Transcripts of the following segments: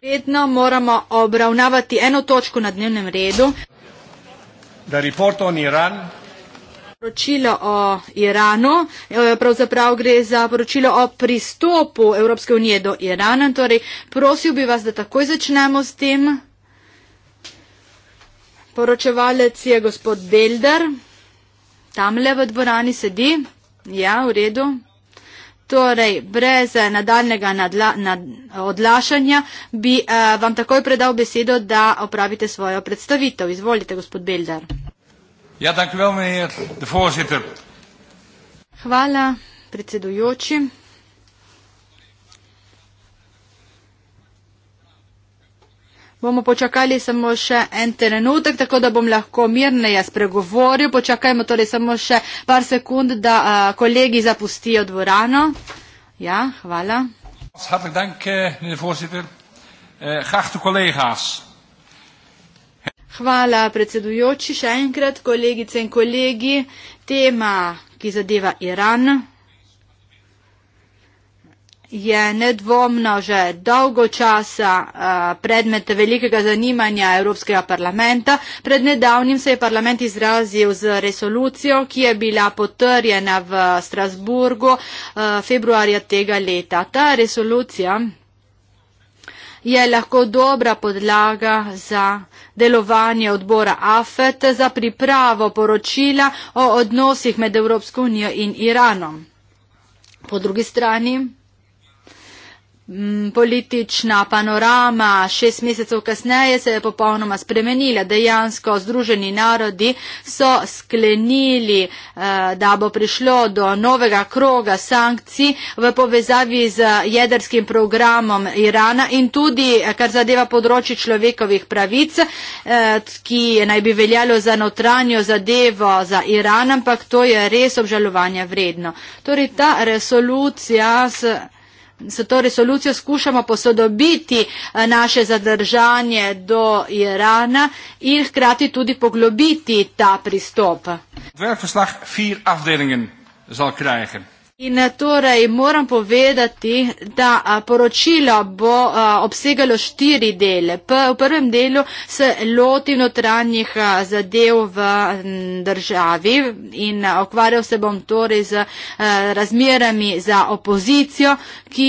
Vedno moramo obravnavati eno točko na dnevnem redu. Poročilo o Iranu, e, pravzaprav gre za poročilo o pristopu Evropske unije do Irana. Torej, prosil bi vas, da takoj začnemo s tem. Poročevalec je gospod Belder, tamle v dvorani sedi. Ja, v redu. Torej, brez eh, nadaljnega nadla, nad, odlašanja bi eh, vam takoj predal besedo, da opravite svojo predstavitev. Izvolite, gospod Beldar. Ja, tako veljame, da vozite. Hvala, predsedujoči. Bomo počakali samo še en trenutek, tako da bom lahko mirneje spregovoril. Počakajmo torej samo še par sekund, da a, kolegi zapustijo dvorano. Ja, hvala. Hrlik dank, eh, meni voorzitter. Hrahtu eh, kolegas. Hvala predsedujoči še enkrat, kolegice in kolegi. Tema, ki zadeva Iran, je nedvomno že dolgo časa eh, predmet velikega zanimanja Evropskega parlamenta. Pred nedavnim se je parlament izrazil z resolucijo, ki je bila potrjena v Strasburgu eh, februarja tega leta. Ta resolucija je lahko dobra podlaga za delovanje odbora AFET za pripravo poročila o odnosih med Evropsko unijo in Iranom. Po drugi strani, Mm, politična panorama šest mesecev kasneje se je popolnoma spremenila. Dejansko Združeni narodi so sklenili, eh, da bo prišlo do novega kroga sankcij v povezavi z jedrskim programom Irana in tudi, eh, kar zadeva področje človekovih pravic, eh, ki naj bi veljalo za notranjo zadevo za Iran, ampak to je res obžalovanje vredno. Torej, ta resolucija s s to resolucijo skušamo posodobiti eh, naše zadržanje do Irana in hkrati tudi poglobiti ta pristop. Zal In eh, torej moram povedati, da eh, poročilo bo eh, obsegalo štiri dele. V prvem delu se loti notranjih zadev v državi in okvarjal se bom torej z razmerami za opozicijo, ki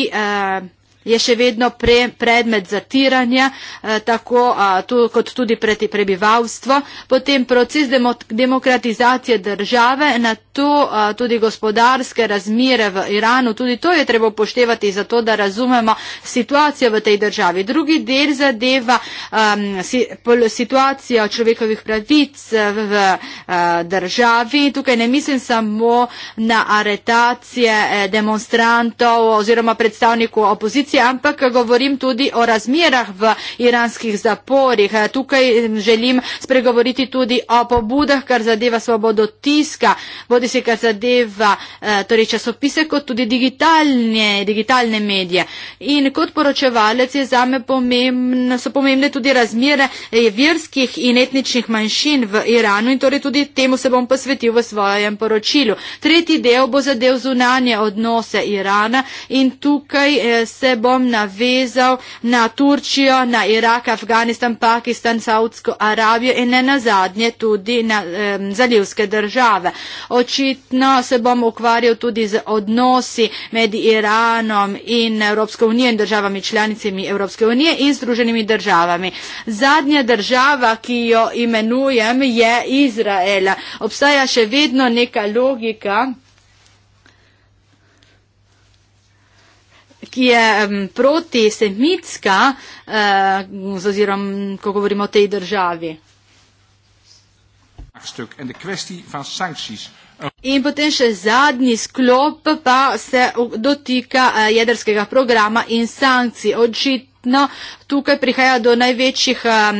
je še vedno pre, predmet zatiranja, eh, tako a, tu, kot tudi preti prebivalstvo. Potem proces demo, demokratizacije države, na to a, tudi gospodarske razmire v Iranu, tudi to je treba upoštevati za to, da razumemo situacijo v tej državi. Drugi del zadeva a, si, pol, situacijo človekovih pravic eh, v, v a, eh, državi. Tukaj ne mislim samo na aretacije eh, demonstrantov oziroma predstavnikov opozicije, opoziciji, ampak govorim tudi o razmerah v iranskih zaporih. Tukaj želim spregovoriti tudi o pobudah, kar zadeva svobodo tiska, bodi se kar zadeva eh, torej časopise, kot tudi digitalne, digitalne medije. In kot poročevalec je zame pomembne, so pomembne tudi razmere eh, verskih in etničnih manjšin v Iranu in torej tudi temu se bom posvetil v svojem poročilu. Tretji del bo zadev zunanje odnose Irana in tukaj eh, se bom navezal na Turčijo, na Irak, Afganistan, Pakistan, Saudsko Arabijo in ne nazadnje tudi na um, zalivske države. Očitno se bom ukvarjal tudi z odnosi med Iranom in Evropsko unijo in državami članicami Evropske unije in združenimi državami. Zadnja država, ki jo imenujem, je Izrael. Obstaja še vedno neka logika. ki je proti semitska, eh, oziroma ko govorimo o tej državi. In potem še zadnji sklop pa se dotika eh, jedrskega programa in sankcij. Očitno No, tukaj prihaja do največjih, um,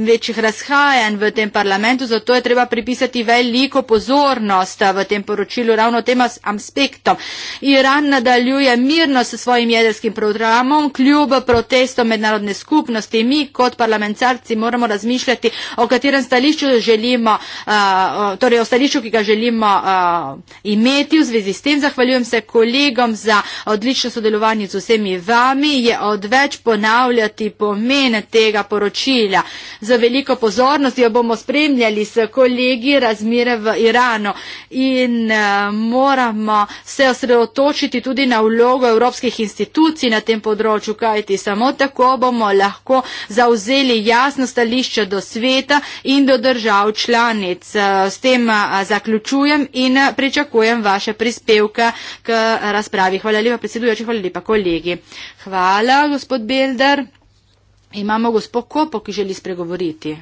največjih razhajanj v tem parlamentu, zato je treba pripisati veliko pozornost uh, v tem poročilu ravno tem aspektom. Iran nadaljuje mirno s svojim jedrskim programom, kljub protestom mednarodne skupnosti. Mi kot parlamentarci moramo razmišljati, o katerem stališču želimo, uh, torej o stališču, ki ga želimo uh, imeti. V zvezi s tem zahvaljujem se kolegom za odlično sodelovanje z vsemi vami ponavljati pomen tega poročila. Za veliko pozornost jo bomo spremljali s kolegi razmire v Iranu in eh, moramo se osredotočiti tudi na vlogo evropskih institucij na tem področju, kajti samo tako bomo lahko zauzeli jasno stališče do sveta in do držav članic. Eh, s tem eh, zaključujem in pričakujem vaše prispevke k razpravi. Hvala lepa, predsedujoči, hvala lepa, kolegi. Hvala, gospod Bilder. Imamo gospod Kopo, ki želi spregovoriti.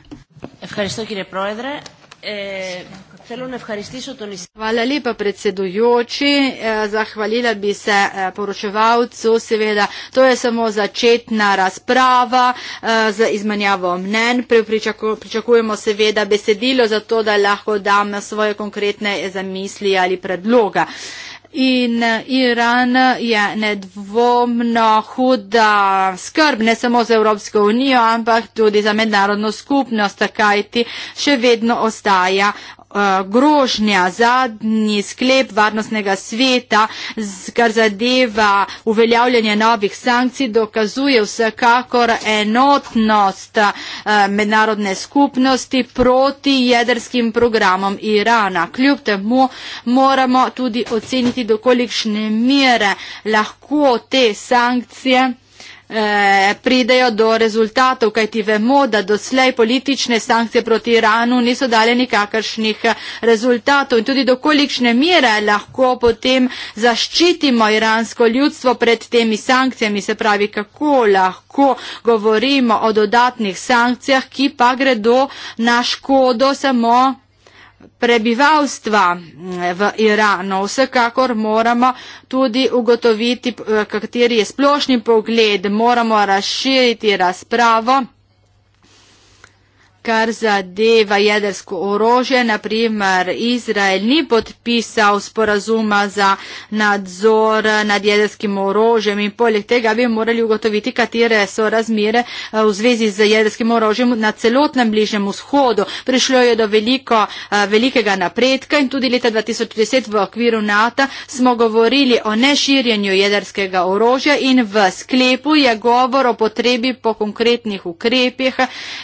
Hvala lepa predsedujoči. Zahvalila bi se poročevalcu. Seveda, to je samo začetna razprava e, z izmenjavo mnen. Pričakujemo seveda besedilo za to, da lahko dam svoje konkretne zamisli ali predloga. In eh, Iran eh, je nedvomno huda skrb ne samo za Evropsko unijo, ampak tudi za mednarodno skupnost, kajti še vedno ostaja Eh, grožnja, zadnji sklep varnostnega sveta, kar zadeva uveljavljanje novih sankcij, dokazuje vsekakor enotnost eh, mednarodne skupnosti proti jedrskim programom Irana. Kljub temu moramo tudi oceniti, dokolikšne mere lahko te sankcije Eh, pridejo do rezultatov, kajti vemo, da doslej politične sankcije proti Iranu niso dale nikakršnih eh, rezultatov in tudi do kolikšne mire lahko potem zaščitimo iransko ljudstvo pred temi sankcijami, se pravi, kako lahko govorimo o dodatnih sankcijah, ki pa gredo na škodo samo prebivalstva mm, v Iranu. Vsekakor moramo tudi ugotoviti, eh, kateri je splošni pogled, moramo razširiti razpravo kar zadeva jedrsko orožje. Naprimer, Izrael ni podpisal sporazuma za nadzor nad jedrskim orožjem in poleg tega bi morali ugotoviti, katere so razmere eh, v zvezi z jedrskim orožjem na celotnem bližnjem vzhodu. Prišlo je do veliko, eh, velikega napredka in tudi leta 2010 v okviru NATO smo govorili o neširjenju jedrskega orožja in v sklepu je govor o potrebi po konkretnih ukrepih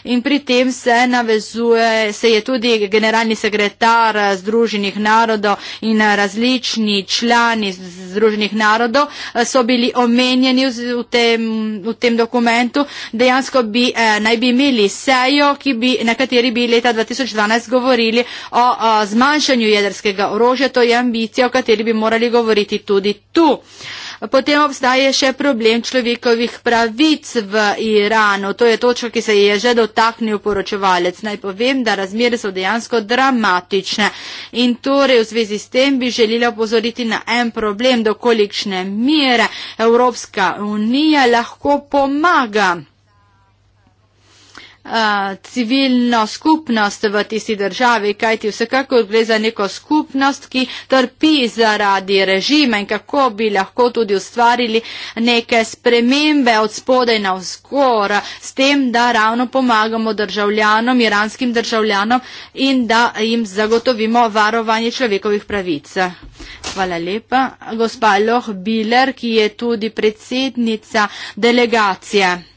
in pri tem se se navezuje, se je tudi generalni sekretar eh, Združenih narodov in eh, različni člani Združenih narodov eh, so bili omenjeni v tem, v tem dokumentu. Dejansko bi, naj bi imeli sejo, bi, na kateri bi leta 2012 govorili o zmanjšanju jedrskega orožja, to je ambicija, o kateri bi morali govoriti tudi tu. Potem obstaje še problem človekovih pravic v Iranu. To je točka, ki se je že dotaknil poročevalec. Naj povem, da razmere so dejansko dramatične. In torej v zvezi s tem bi želela opozoriti na en problem, do kolikšne mere Evropska unija lahko pomaga civilno skupnost v tisti državi, kajti vsekakor gre za neko skupnost, ki trpi zaradi režima in kako bi lahko tudi ustvarili neke spremembe od spodaj na vzgor, s tem, da ravno pomagamo državljanom, iranskim državljanom in da jim zagotovimo varovanje človekovih pravic. Hvala lepa. Gospa Loh Biler, ki je tudi predsednica delegacije.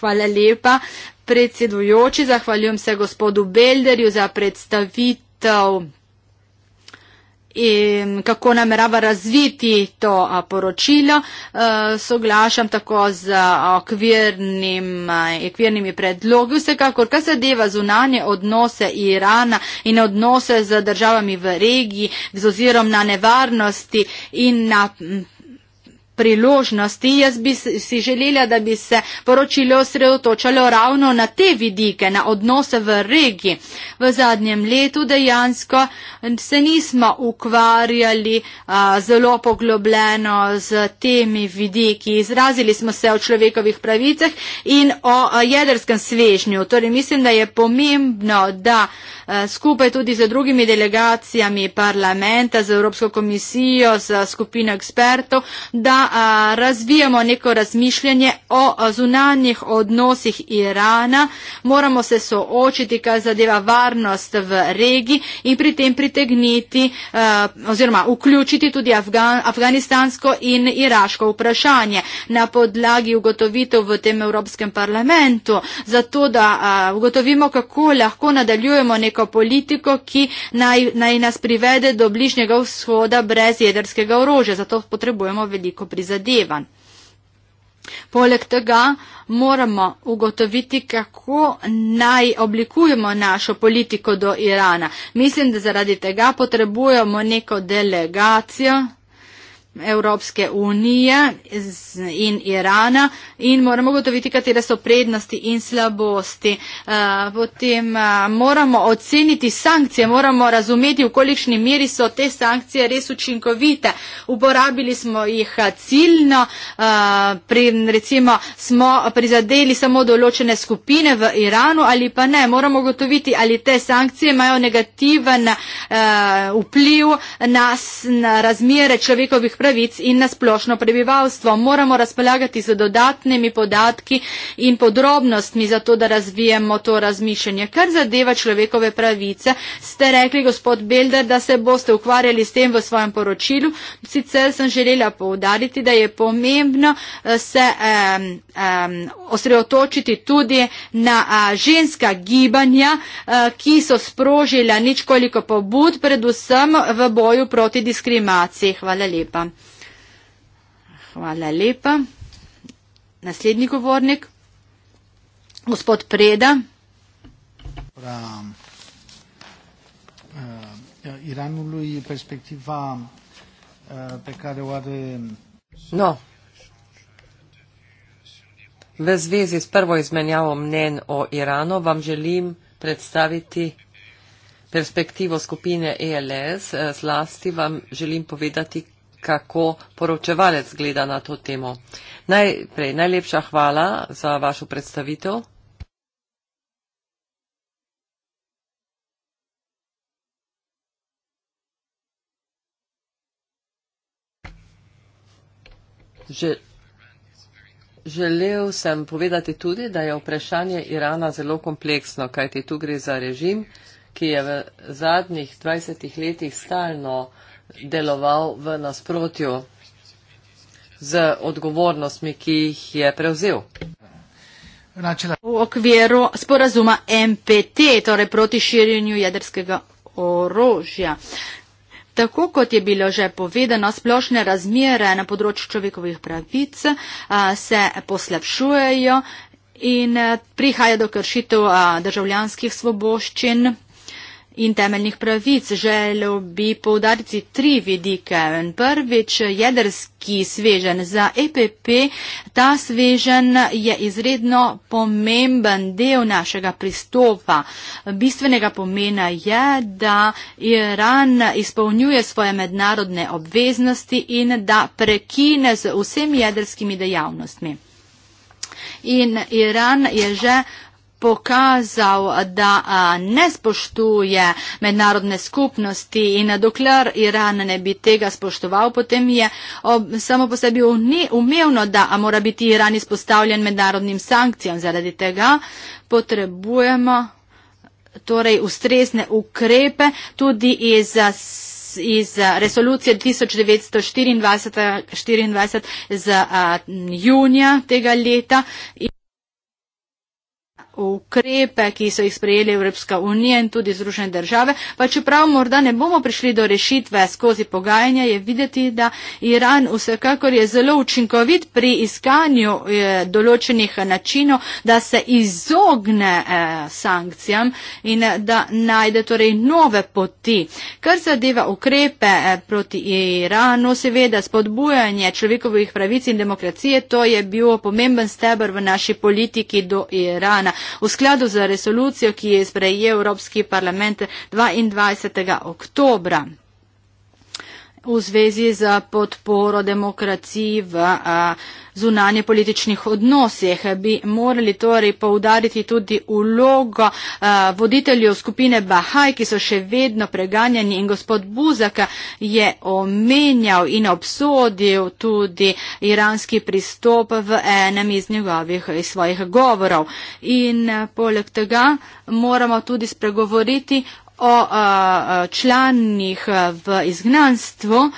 Hvala lepa. Predsedujoči, zahvaljujem se gospodu Belderju za predstavitev in kako namerava razviti to poročilo. E, soglašam tako z okvirnim, okvirnimi predlogi. Vsekakor, kar se deva zunanje odnose Irana in odnose z državami v regiji, z ozirom na nevarnosti in na priložnosti. Jaz bi si želela, da bi se poročilo osredotočalo ravno na te vidike, na odnose v regiji. V zadnjem letu dejansko se nismo ukvarjali a, zelo poglobljeno z temi vidiki. Izrazili smo se o človekovih pravicah in o a, jedrskem svežnju. Torej, mislim, da je pomembno, da a, skupaj tudi z drugimi delegacijami parlamenta, z Evropsko komisijo, z skupino ekspertov, da a, razvijamo neko razmišljanje o zunanjih odnosih Irana, moramo se soočiti, kar zadeva varnost v regiji in pri tem pritegniti a, oziroma vključiti tudi Afgan, afganistansko in iraško vprašanje na podlagi ugotovitev v tem Evropskem parlamentu, zato da a, ugotovimo, kako lahko nadaljujemo neko politiko, ki naj, naj nas privede do bližnjega vzhoda brez jedrskega orožja. Zato potrebujemo veliko prizadevanj. Poleg tega moramo ugotoviti, kako naj oblikujemo našo politiko do Irana. Mislim, da zaradi tega potrebujemo neko delegacijo. Evropske unije in Irana in moramo gotoviti, katere so prednosti in slabosti. Eh, potem eh, moramo oceniti sankcije, moramo razumeti, v kolikšni meri so te sankcije res učinkovite. Uporabili smo jih eh, ciljno, pri, recimo smo prizadeli samo določene skupine v Iranu ali pa ne. Moramo gotoviti, ali te sankcije imajo negativen vpliv na, na razmere človekovih prednosti pravic in na splošno prebivalstvo. Moramo razpolagati z dodatnimi podatki in podrobnostmi za to, da razvijemo to razmišljanje. Kar zadeva človekove pravice, ste rekli, gospod Belder, da se boste ukvarjali s tem v svojem poročilu. Sicer sem želela povdariti, da je pomembno eh, se um, um, osredotočiti tudi na a, ženska gibanja, a, ki so sprožila ničkoliko pobud, predvsem v boju proti diskriminaciji. Hvala lepa. Hvala lepa. Naslednji govornik, gospod Preda. Ora, uh, eh, eh, Iranului e perspectiva uh, pe care o are... No. V zvezi s prvo izmenjavo mnen o Iranu vam želim predstaviti perspektivo skupine ELS. Zlasti vam želim povedati, kako poročevalec gleda na to temo. Najprej najlepša hvala za vašo predstavitev. Že, želel sem povedati tudi, da je vprašanje Irana zelo kompleksno, kajti tu gre za režim, ki je v zadnjih 20 letih stalno uh, deloval v nasprotju z odgovornostmi, ki jih je prevzel. V okviru sporazuma MPT, torej proti širjenju jedrskega orožja. Tako kot je bilo že povedano, splošne razmere na področju človekovih pravic se poslabšujejo in prihaja do kršitev državljanskih svoboščin in temeljnih pravic. Želel bi povdariti tri vidike. Prvič, jedrski svežen za EPP. Ta svežen je izredno pomemben del našega pristopa. Bistvenega pomena je, da Iran izpolnjuje svoje mednarodne obveznosti in da prekine z vsemi jedrskimi dejavnostmi. In Iran je že pokazal, da ne spoštuje mednarodne skupnosti in dokler Iran ne bi tega spoštoval, potem je samo po sebi umevno, da mora biti Iran izpostavljen mednarodnim sankcijam. Zaradi tega potrebujemo torej ustrezne ukrepe tudi iz iz resolucije 1924 z junija tega leta ukrepe, ki so jih sprejeli Evropska unija in tudi Združene države, pa čeprav morda ne bomo prišli do rešitve skozi pogajanja, je videti, da Iran vsekakor je zelo učinkovit pri iskanju eh, določenih eh, načinov, da se izogne eh, sankcijam in eh, da najde torej nove poti. Kar zadeva ukrepe eh, proti Iranu, seveda spodbujanje človekovih pravic in demokracije, to je bil pomemben stebr v naši politiki do Irana v skladu z resolucijo, ki je sprejel Evropski parlament 22. oktobra v zvezi z podporo demokraciji v zunanje političnih odnosih. Bi morali torej povdariti tudi ulogo voditeljev skupine Bahaj, ki so še vedno preganjeni in gospod Buzak je omenjal in obsodil tudi iranski pristop v enem iz njegovih iz svojih govorov. In poleg tega moramo tudi spregovoriti o a, eh, a, eh, članih eh, v izgnanstvu,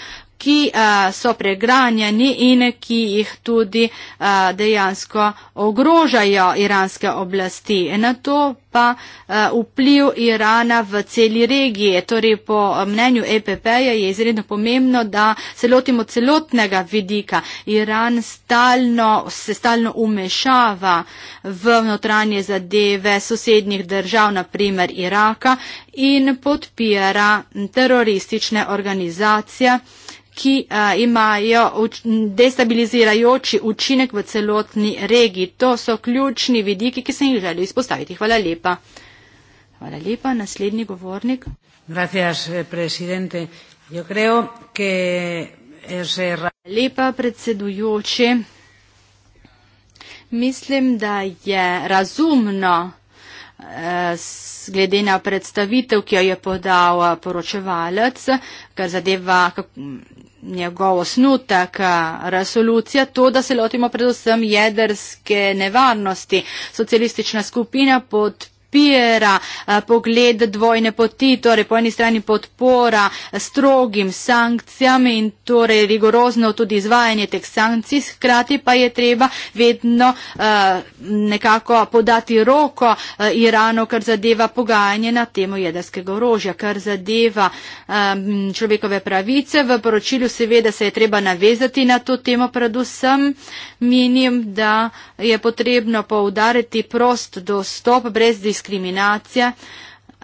ki eh, so preganjani in ki jih tudi eh, dejansko ogrožajo iranske oblasti. Na to pa eh, vpliv Irana v celi regiji. Torej, po mnenju EPP je izredno pomembno, da se lotimo celotnega vidika. Iran stalno, se stalno umešava v notranje zadeve sosednjih držav, naprimer Iraka, in podpira teroristične organizacije ki a, imajo uč, destabilizirajoči učinek v celotni regiji. To so ključni vidiki, ki sem jih želel izpostaviti. Hvala lepa. Hvala lepa. Naslednji govornik. Gracias, eh, presidente. Yo creo que ese... Lepa predsedujoči. Mislim, da je razumno eh, glede na predstavitev, ki jo je podal eh, poročevalec, kar zadeva njegov osnutek, resolucija, to, da se lotimo predvsem jedrske nevarnosti. Socialistična skupina podpira podpira eh, pogled dvojne poti, torej po eni strani podpora eh, strogim sankcijam in torej rigorozno tudi izvajanje teh sankcij, hkrati pa je treba vedno eh, nekako podati roko Irano, kar zadeva pogajanje na temo jedrskega orožja, kar zadeva človekove pravice. V poročilu seveda se je treba navezati na to temo predvsem. Menim, da je potrebno poudariti prost dostop brez diskusije diskriminacija,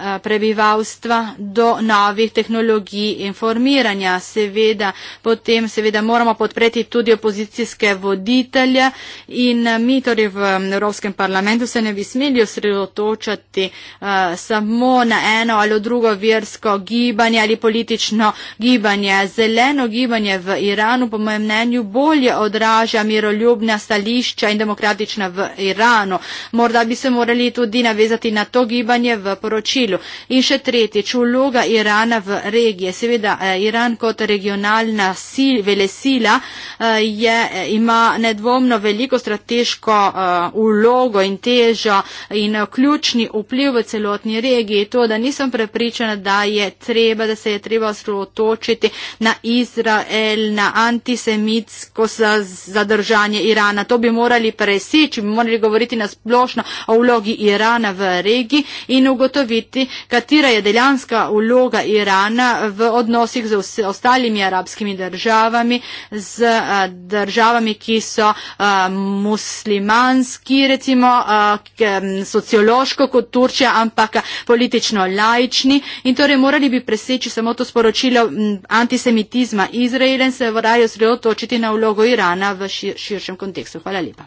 Eh, prebivalstva do novih tehnologij informiranja. Seveda, potem seveda moramo podpreti tudi opozicijske voditelje in eh, mi torej v mm, Evropskem parlamentu se ne bi smeli osredotočati uh, samo na eno ali drugo versko gibanje ali politično gibanje. Zeleno gibanje v Iranu, po mojem mnenju, bolje odraža miroljubna stališča in demokratična v Iranu. Morda bi se morali tudi navezati na to gibanje v poročilu cilju. In še tretjič, vloga Irana v regije. Seveda, eh, Iran kot regionalna sil, velesila eh, je, eh, ima nedvomno veliko strateško vlogo in težo in ključni vpliv v celotni regiji. To, da nisem prepričana, da, je treba, da se je treba osredotočiti na Izrael, na antisemitsko zadržanje Irana. To bi morali preseči, bi morali govoriti na splošno o vlogi Irana v regiji in ugotoviti, vprašati, katera je dejanska vloga Irana v odnosih z ostalimi arabskimi državami, z eh, državami, ki so eh, muslimanski, recimo eh, sociološko kot Turčija, ampak politično lajični. In torej morali bi preseči samo to sporočilo antisemitizma Izraela in se vrajo sredotočiti na vlogo Irana v širšem kontekstu. Hvala lepa.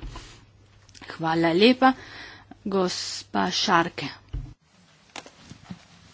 Hvala lepa, gospa Šarke.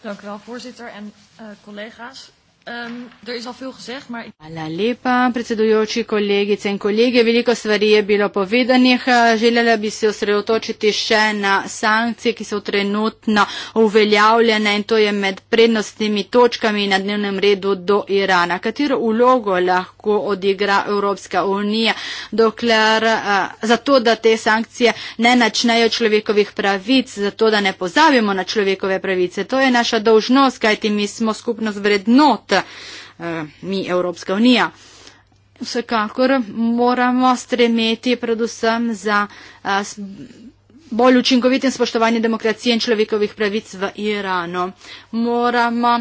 Dank u wel, voorzitter en uh, collega's. Um, er is al veel gezegd, maar. Hvala lepa, predsedujoči kolegice in kolege. Veliko stvari je bilo povedanih. Želela bi se osredotočiti še na sankcije, ki so trenutno uveljavljene in to je med prednostnimi točkami na dnevnem redu do Irana. Katero ulogo lahko odigra Evropska unija, dokler uh, zato, da te sankcije ne načnejo človekovih pravic, zato, da ne pozabimo na človekove pravice. To je naša dolžnost, kajti mi smo skupnost vrednot. Eh, mi Evropska unija. Vsekakor moramo stremeti predvsem za eh, bolj učinkovitem spoštovanju demokracije in človekovih pravic v Iranu. Moramo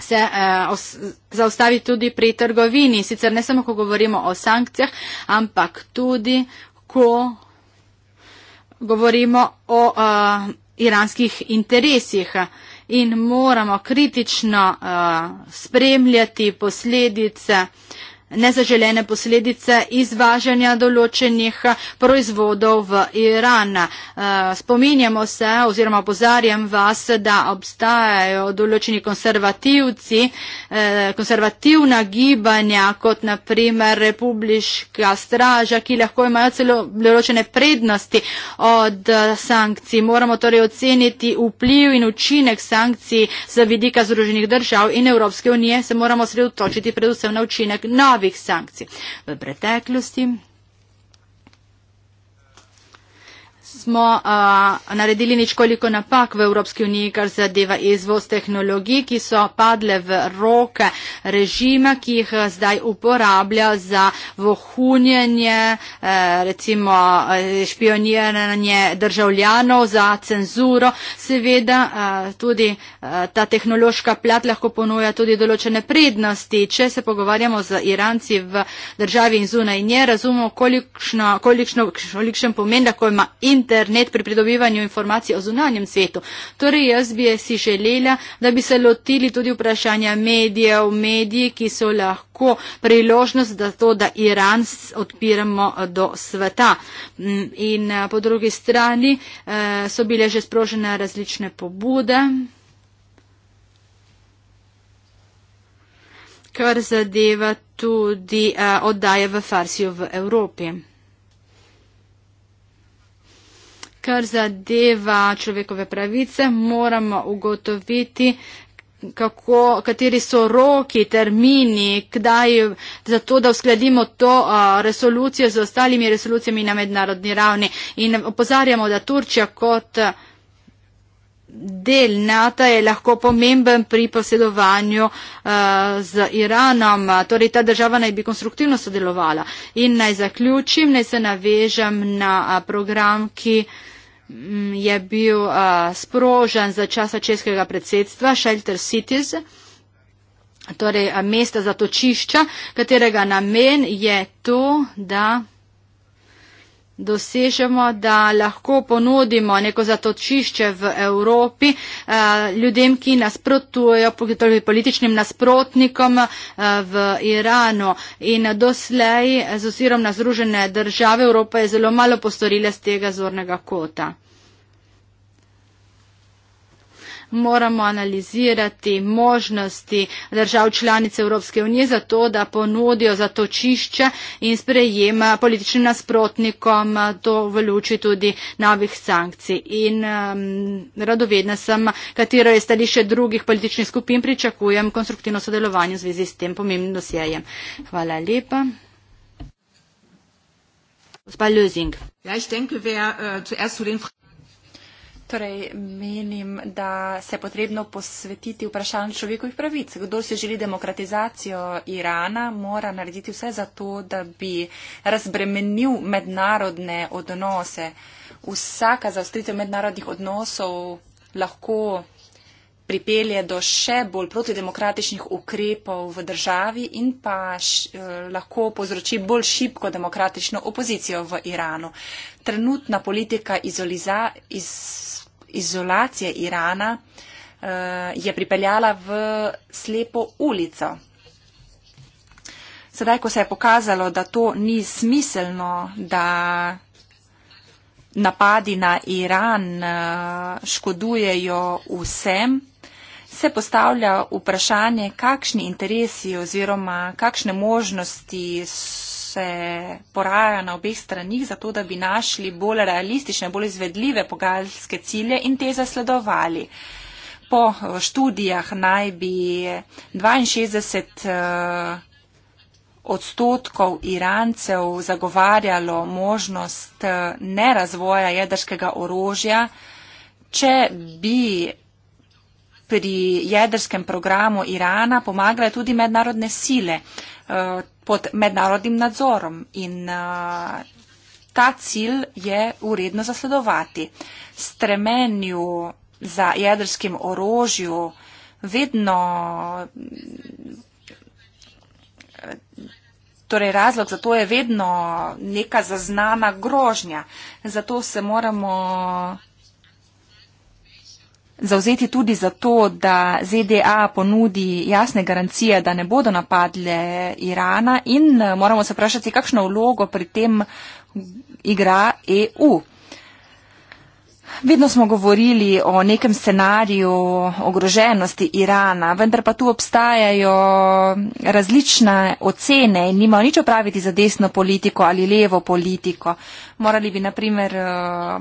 se eh, os, zaustaviti tudi pri trgovini, sicer ne samo, ko govorimo o sankcijah, ampak tudi, ko govorimo o eh, iranskih interesih. Eh, in moramo kritično uh, spremljati posledice uh, nezaželene posledice izvažanja določenih proizvodov v Iran. Eh, spominjamo se oziroma opozarjam vas, da obstajajo določeni konservativci, eh, konservativna gibanja kot naprimer republiška straža, ki lahko imajo celo določene prednosti od sankcij. Moramo torej oceniti vpliv in učinek sankcij z vidika Združenih držav in Evropske unije, se moramo sredotočiti predvsem na učinek nove novih sankcij. V preteklosti smo a, naredili nekoliko napak v Evropski uniji, kar zadeva izvoz tehnologij, ki so padle v roke režima, ki jih zdaj uporablja za vohunjenje, a, recimo špioniranje državljanov, za cenzuro. Seveda a, tudi a, ta tehnološka plat lahko ponuja tudi določene prednosti. Če se pogovarjamo z Iranci v državi in zunaj nje, razumemo, kolikšen pomen lahko ima internet internet pri pridobivanju informacij o zunanjem svetu. Torej, jaz bi si želela, da bi se lotili tudi vprašanja medijev, mediji, ki so lahko priložnost za to, da Iran odpiramo eh, do sveta. Mm, in eh, po drugi strani eh, so bile že sprožene različne pobude. kar zadeva tudi uh, oddaje v Farsijo v Evropi. kar zadeva človekove pravice, moramo ugotoviti, kako, kateri so roki, termini, kdaj, zato da uskladimo to uh, resolucijo z ostalimi resolucijami na mednarodni ravni. In opozarjamo, da Turčija kot del NATO je lahko pomemben pri posedovanju uh, z Iranom. Torej, ta država naj bi konstruktivno sodelovala. In naj zaključim, naj se navežem na uh, program, ki. Mm, je bil uh, sprožen za časa českega predsedstva Shelter Cities, torej uh, mesta zatočišča, katerega namen je to, da dosežemo, da lahko ponudimo neko zatočišče v Evropi eh, ljudem, ki nasprotujejo torej političnim nasprotnikom eh, v Iranu. In doslej, z osirom na Združene države, Evropa je zelo malo postorila z tega zornega kota moramo analizirati možnosti držav članic Evropske unije za to, da ponudijo zatočišče in sprejema političnim nasprotnikom to v luči tudi novih sankcij. In um, radovedna sem, katero je stališče drugih političnih skupin, pričakujem konstruktivno sodelovanje v zvezi s tem pomembnim dosjejem. Hvala lepa. Gospa Lösing. Ja, ich denke, wer äh, zuerst zu den Fragen. Torej, menim, da se je potrebno posvetiti vprašanju človekovih pravic. Kdo si želi demokratizacijo Irana, mora narediti vse za to, da bi razbremenil mednarodne odnose. Vsaka zaostritev mednarodnih odnosov lahko pripelje do še bolj protidemokratičnih ukrepov v državi in pa š, eh, lahko povzroči bolj šibko demokratično opozicijo v Iranu. Trenutna politika izoliza, iz, izolacije Irana eh, je pripeljala v slepo ulico. Sedaj, ko se je pokazalo, da to ni smiselno, da napadi na Iran eh, škodujejo vsem, se postavlja vprašanje, kakšni interesi oziroma kakšne možnosti so se poraja na obeh stranih, zato da bi našli bolj realistične, bolj izvedljive pogajalske cilje in te zasledovali. Po študijah naj bi 62 eh, odstotkov Irancev zagovarjalo možnost eh, nerazvoja jedrskega orožja, če bi pri jedrskem programu Irana pomagale tudi mednarodne sile. Eh, pod mednarodnim nadzorom in eh, ta cilj je uredno zasledovati. Stremenju za jedrskim orožju vedno eh, Torej, razlog za to je vedno neka zaznana grožnja. Zato se moramo zauzeti tudi za to, da ZDA ponudi jasne garancije, da ne bodo napadle Irana in eh, moramo se vprašati, kakšno vlogo pri tem igra EU. Vedno smo govorili o nekem scenariju ogroženosti Irana, vendar pa tu obstajajo različne ocene in nima nič opraviti za desno politiko ali levo politiko. Morali bi naprimer eh,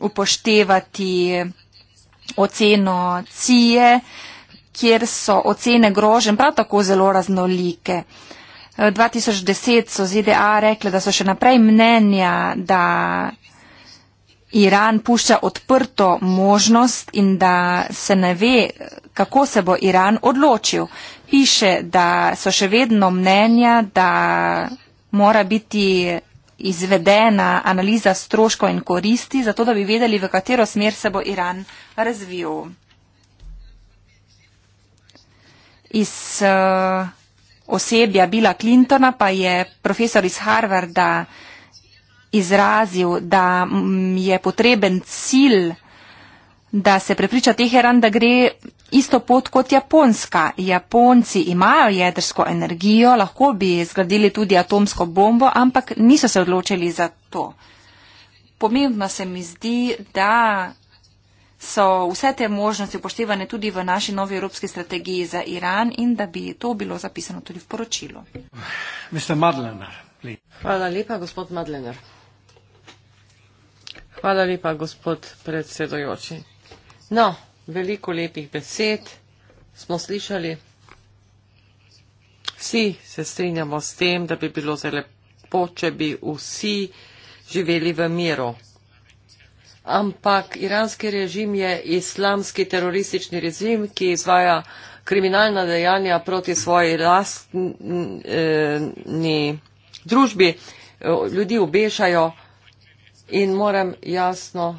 upoštevati oceno CIE, kjer so ocene grožen prav tako zelo raznolike. 2010 eh, so ZDA rekle, da so še naprej mnenja, da Iran pušča odprto možnost in da se ne ve, kako se bo Iran odločil. Piše, da so še vedno mnenja, da mora biti izvedena analiza stroškov in koristi, zato da bi vedeli, v katero smer se bo Iran razvijal. Iz uh, osebja Bila Clintona pa je profesor iz Harvarda izrazil, da mm, je potreben cilj, da se prepriča Teheran, da gre isto pot kot Japonska. Japonci imajo jedrsko energijo, lahko bi zgradili tudi atomsko bombo, ampak niso se odločili za to. Pomembno se mi zdi, da so vse te možnosti upoštevane tudi v naši novi evropski strategiji za Iran in da bi to bilo zapisano tudi v poročilu. Hvala lepa, gospod Madlener. Hvala lepa, gospod predsedojoči. No, veliko lepih besed smo slišali. Vsi se strinjamo s tem, da bi bilo zelo lepo, če bi vsi živeli v miru. Ampak iranski režim je islamski teroristični režim, ki izvaja kriminalna dejanja proti svoji lastni eh, družbi. Eh, ljudi obešajo in moram jasno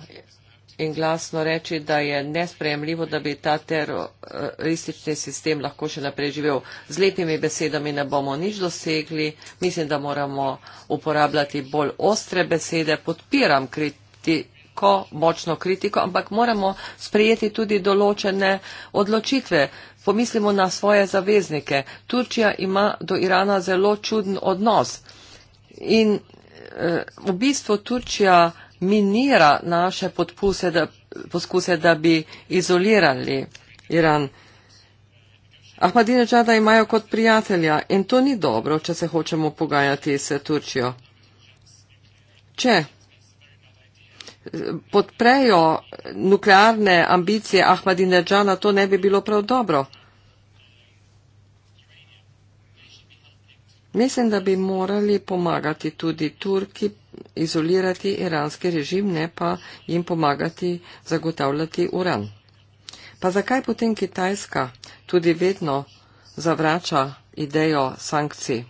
in glasno reči, da je nespremljivo, da bi ta teroristični sistem lahko še naprej živel. Z lepimi besedami ne bomo nič dosegli. Mislim, da moramo uporabljati bolj ostre besede. Podpiram kritiko, močno kritiko, ampak moramo sprejeti tudi določene odločitve. Pomislimo na svoje zaveznike. Turčija ima do Irana zelo čuden odnos. In eh, v bistvu Turčija minira naše podpuse, da, poskuse, da bi izolirali Iran. Ahmadinejada imajo kot prijatelja in to ni dobro, če se hočemo pogajati s Turčijo. Če eh, podprejo nuklearne ambicije Ahmadinejada, to ne bi bilo prav dobro. Mislim, da bi morali pomagati tudi Turki izolirati iranski režim, ne pa jim pomagati zagotavljati uran. Pa zakaj potem Kitajska tudi vedno zavrača idejo sankcij?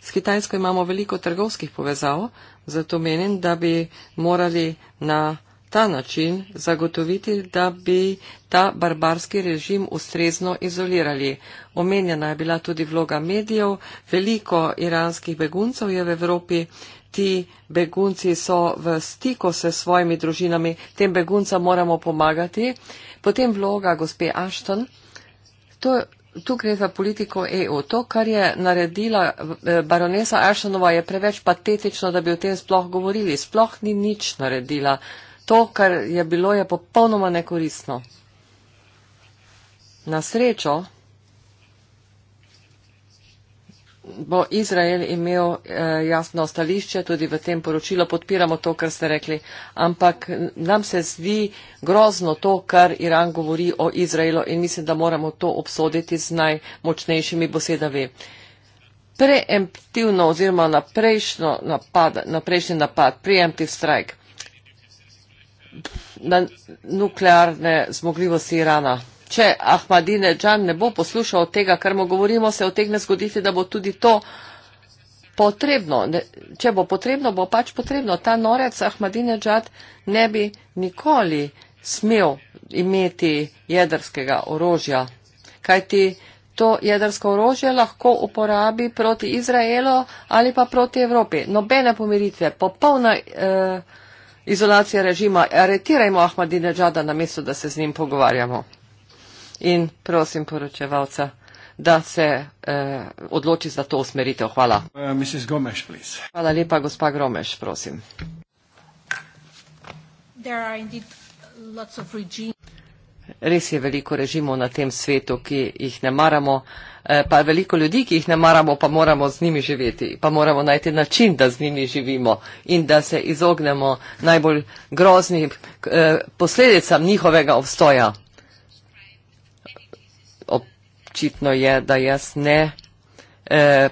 S Kitajsko imamo veliko trgovskih povezav, zato menim, da bi morali na ta način zagotoviti, da bi ta barbarski režim ustrezno izolirali. Omenjena je bila tudi vloga medijev. Veliko iranskih beguncev je v Evropi. Ti begunci so v stiku se svojimi družinami. Tem beguncem moramo pomagati. Potem vloga gospe Ashton. To, tu gre za politiko EU. To, kar je naredila eh, baronesa Ashtonova, je preveč patetično, da bi o tem sploh govorili. Sploh ni nič naredila. To, kar je bilo, je popolnoma nekoristno. Na srečo bo Izrael imel eh, jasno stališče, tudi v tem poročilu podpiramo to, kar ste rekli, ampak nam se zdi grozno to, kar Iran govori o Izraelu in mislim, da moramo to obsoditi z najmočnejšimi besedami. Preemptivno oziroma na, napad, na prejšnji napad, preemptiv strike, na nuklearne zmogljivosti Irana. Če Ahmadinejad ne bo poslušal tega, kar mu govorimo, se otegne zgoditi, da bo tudi to potrebno. Ne, če bo potrebno, bo pač potrebno. Ta norec Ahmadinejad ne bi nikoli smel imeti jedrskega orožja, kajti to jedrsko orožje lahko uporabi proti Izraelu ali pa proti Evropi. Nobene pomiritve, popolna. Eh, izolacija režima, aretirajmo Ahmadinejada na mesto, da se z njim pogovarjamo. In prosim poročevalca, da se eh, odloči za to usmeritev. Hvala. Uh, Gomes, Hvala lepa, gospa Gromeš, prosim. There are indeed lots of regimes res je veliko režimov na tem svetu, ki jih ne maramo, eh, pa veliko ljudi, ki jih ne maramo, pa moramo z njimi živeti, pa moramo najti način, da z njimi živimo in da se izognemo najbolj groznim eh, posledicam njihovega obstoja. Očitno je, da jaz ne eh,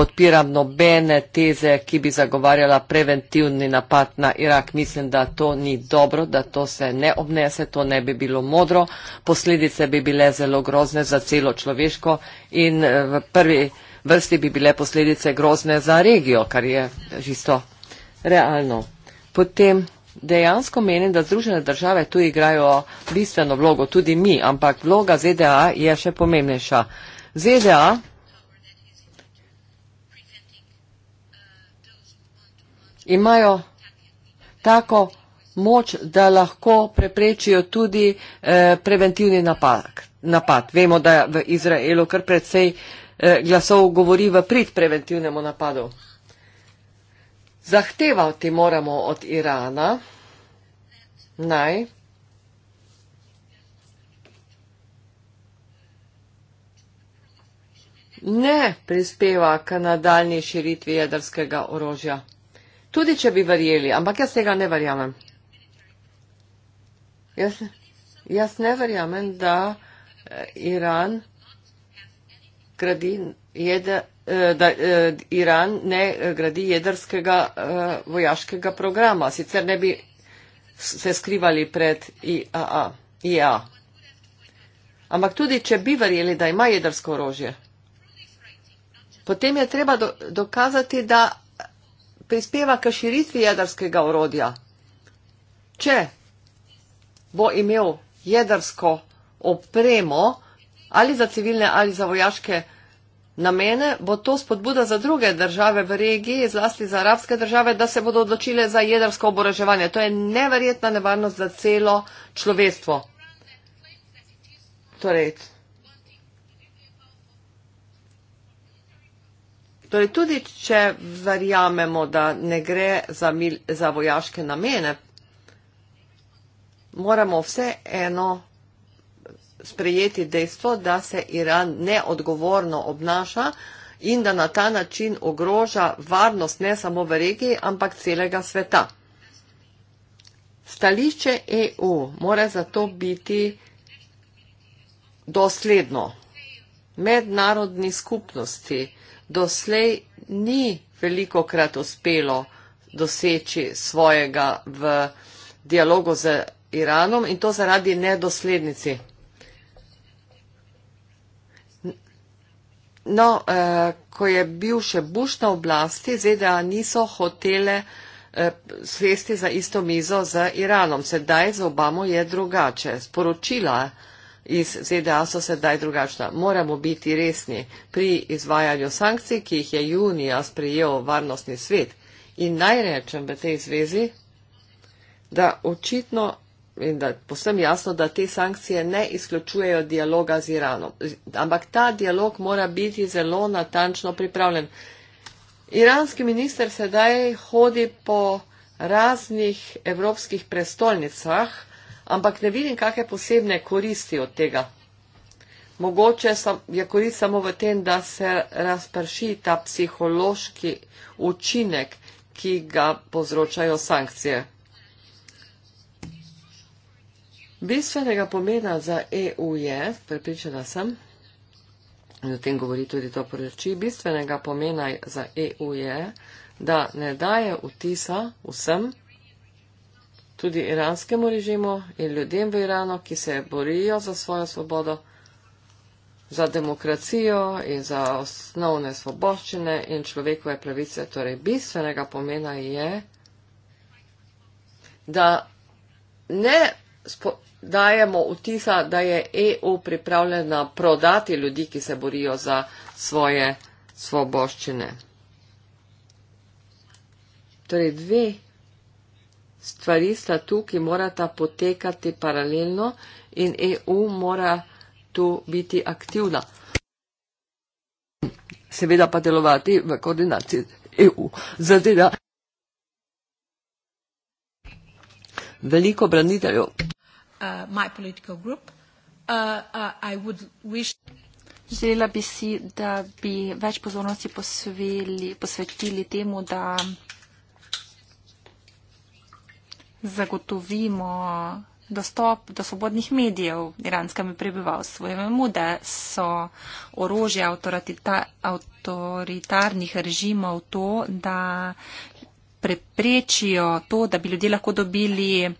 podpiram nobene teze, ki bi zagovarjala preventivni napad na Irak. Mislim, da to ni dobro, da to se ne obnese, to ne bi bilo modro. Posledice bi bile zelo grozne za celo človeško in eh, v prvi vrsti bi bile posledice grozne za regijo, kar je čisto realno. Potem dejansko menim, da Združene države tu igrajo bistveno vlogo, tudi mi, ampak vloga ZDA je še pomembnejša. ZDA imajo tako moč, da lahko preprečijo tudi eh, preventivni napak, napad. Vemo, da v Izraelu kar predvsej eh, glasov govori v prid preventivnemu napadu. Zahtevati moramo od Irana naj ne prispeva k nadaljni širitvi jedrskega orožja. Tudi če bi verjeli, ampak jaz tega ne verjamem. Jaz, jaz ne verjamem, da eh, Iran gradi jeder, eh, da eh, Iran ne gradi jedrskega vojaškega programa. Sicer ne bi se skrivali pred IAA. IA. Ampak tudi, če bi verjeli, da ima jedrsko orožje, potem je treba do, dokazati, da prispeva k širitvi jedrskega orodja. Če bo imel jedrsko opremo ali za civilne ali za vojaške namene, bo to spodbuda za druge države v regiji, zlasti za arabske države, da se bodo odločile za jedrsko oboraževanje. To je neverjetna nevarnost za celo človeštvo. Torej, Torej, tudi če verjamemo, da ne gre za, mil, za vojaške namene, moramo vse eno sprejeti dejstvo, da se Iran neodgovorno obnaša in da na ta način ogroža varnost ne samo v regiji, ampak celega sveta. Stališče EU mora zato biti dosledno. Mednarodni skupnosti doslej ni veliko krat uspelo doseči svojega v dialogu z Iranom in to zaradi nedoslednici. No, eh, ko je bil še Bush na oblasti, ZDA niso hotele eh, svesti za isto mizo z Iranom. Sedaj z Obamo je drugače. Sporočila je, iz ZDA so sedaj drugačna. Moramo biti resni pri izvajanju sankcij, ki jih je junija sprejel varnostni svet. In naj rečem v tej zvezi, da očitno in da posem jasno, da te sankcije ne izključujejo dialoga z Iranom. Ampak ta dialog mora biti zelo natančno pripravljen. Iranski minister sedaj hodi po raznih evropskih prestolnicah ampak ne vidim kakšne posebne koristi od tega. Mogoče je korist samo v tem, da se razprši ta psihološki učinek, ki ga povzročajo sankcije. Bistvenega pomena za EU je, prepričana sem, in o tem govori tudi to poroči, bistvenega pomena za EU je, da ne daje vtisa vsem, tudi iranskemu režimu in ljudem v Iranu, ki se borijo za svojo svobodo, za demokracijo in za osnovne svoboščine in človekove pravice. Torej, bistvenega pomena je, da ne dajemo vtisa, da je EU pripravljena prodati ljudi, ki se borijo za svoje svoboščine. Torej, dve stvari sta tu, ki morata potekati paralelno in EU mora tu biti aktivna. Seveda pa delovati v koordinaciji EU. Zadeva. Veliko braniteljev. Uh, uh, uh, wish... Želela bi si, da bi več pozornosti posvetili temu, da zagotovimo dostop do svobodnih medijev iranskemu prebivalstvu. Vemo, da so orožje avtoritarnih režimov to, da preprečijo to, da bi ljudje lahko dobili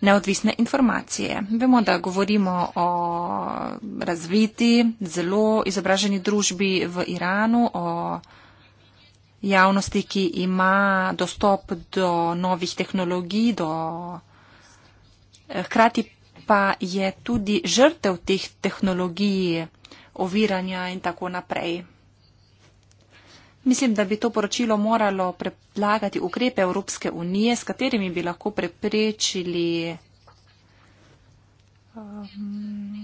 neodvisne informacije. Vemo, da govorimo o razviti, zelo izobraženi družbi v Iranu, o javnosti, ki ima dostop do novih tehnologij, do eh, hkrati pa je tudi žrtev teh tehnologij, oviranja in tako naprej. Mislim, da bi to poročilo moralo predlagati ukrepe Evropske unije, s katerimi bi lahko preprečili um,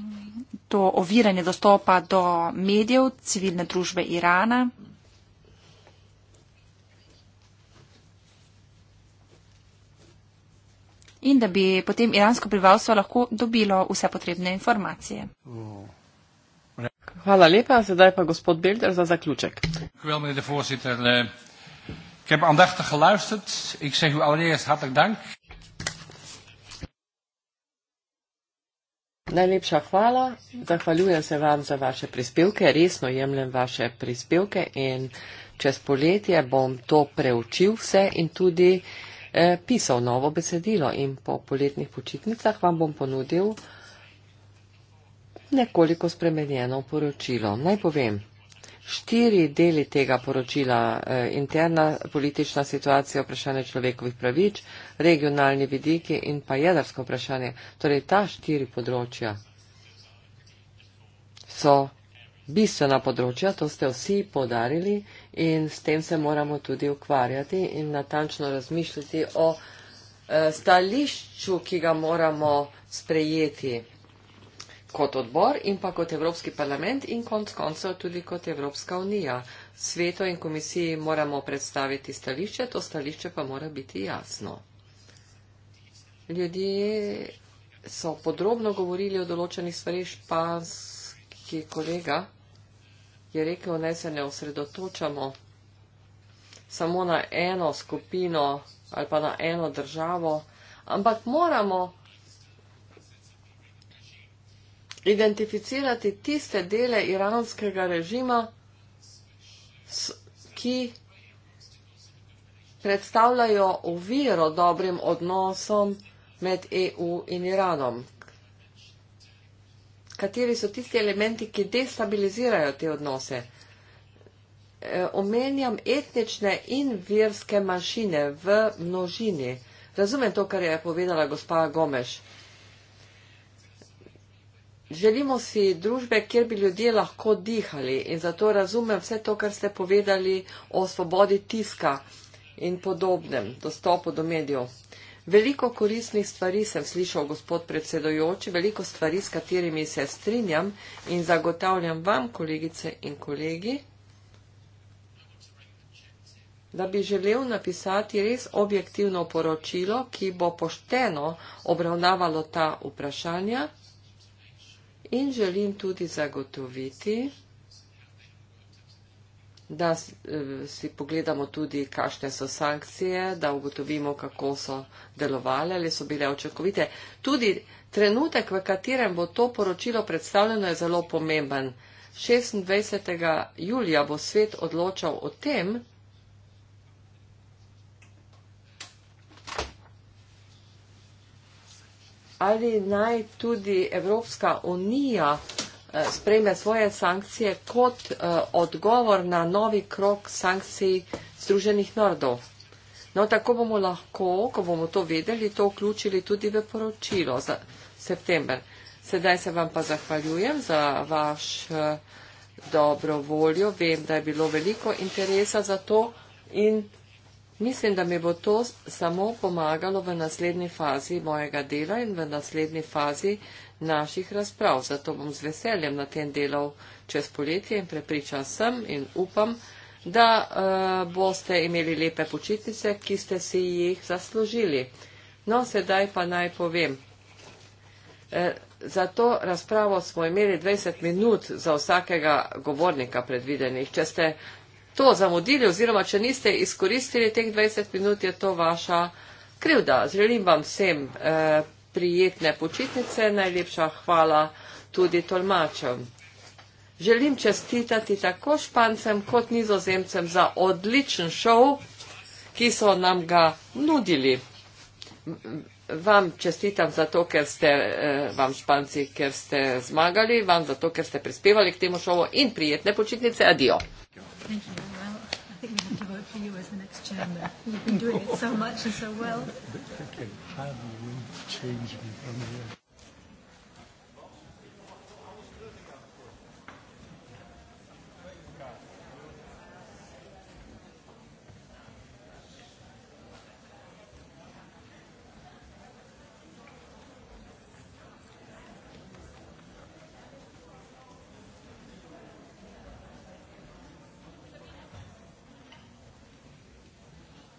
to oviranje dostopa do medijev civilne družbe Irana. in da bi potem iransko prebivalstvo lahko dobilo vse potrebne informacije. Hvala lepa, sedaj pa gospod Bilder za zaključek. Hvala, meni, voorzitter. Eh, ik heb aandachtig geluisterd. Ik zeg u allereerst hartelijk dank. Najlepša hvala. Zahvaljujem se vam za vaše prispevke. Resno jemljem vaše prispevke in čez poletje bom to preučil vse in tudi. Eh, pisal novo besedilo in po poletnih počitnicah vam bom ponudil nekoliko spremenjeno poročilo. Naj povem, štiri deli tega poročila, eh, interna politična situacija, vprašanje človekovih pravič, regionalni vidiki in pa jedarsko vprašanje, torej ta štiri področja so bistvena področja, to ste vsi podarili in s tem se moramo tudi ukvarjati in natančno razmišljati o e, stališču, ki ga moramo sprejeti kot odbor in pa kot Evropski parlament in konc koncev tudi kot Evropska unija. Sveto in komisiji moramo predstaviti stališče, to stališče pa mora biti jasno. Ljudje so podrobno govorili o določenih stvarih, španski kolega je rekel, naj se ne osredotočamo samo na eno skupino ali pa na eno državo, ampak moramo identificirati tiste dele iranskega režima, ki predstavljajo oviro dobrim odnosom med EU in Iranom kateri so tisti elementi, ki destabilizirajo te odnose. E, omenjam etnične in verske manjšine v množini. Razumem to, kar je povedala gospa Gomeš. Želimo si družbe, kjer bi ljudje lahko dihali in zato razumem vse to, kar ste povedali o svobodi tiska in podobnem dostopu do medijev. Veliko koristnih stvari sem slišal, gospod predsedojoči, veliko stvari, s katerimi se strinjam in zagotavljam vam, kolegice in kolegi, da bi želel napisati res objektivno poročilo, ki bo pošteno obravnavalo ta vprašanja in želim tudi zagotoviti, da eh, si pogledamo tudi, kakšne so sankcije, da ugotovimo, kako so delovale ali so bile očakovite. Tudi trenutek, v katerem bo to poročilo predstavljeno, je zelo pomemben. 26. julija bo svet odločal o tem, ali naj tudi Evropska unija sprejme svoje sankcije kot eh, odgovor na novi krok sankcij Združenih narodov. No, tako bomo lahko, ko bomo to vedeli, to vključili tudi v poročilo za september. Sedaj se vam pa zahvaljujem za vaš eh, dobro voljo. Vem, da je bilo veliko interesa za to in. Mislim, da mi bo to samo pomagalo v naslednji fazi mojega dela in v naslednji fazi naših razprav. Zato bom z veseljem na tem delal čez poletje in prepričan sem in upam, da uh, boste imeli lepe počitnice, ki ste si jih zaslužili. No, sedaj pa naj povem. E, za to razpravo smo imeli 20 minut za vsakega govornika predvidenih. Če ste to zamudili oziroma če niste izkoristili teh 20 minut, je to vaša krivda. Želim vam vsem eh, prijetne počitnice, najlepša hvala tudi tolmačem. Želim čestitati tako špancem kot nizozemcem za odličen šov, ki so nam ga nudili. Vam čestitam zato, ker ste, eh, vam španci, ker ste zmagali, vam zato, ker ste prispevali k temu šovu in prijetne počitnice. Adijo. Thank you. Well, I think we have to vote for you as the next chairman. You've been doing it so much and so well. Okay. How do you change me from here?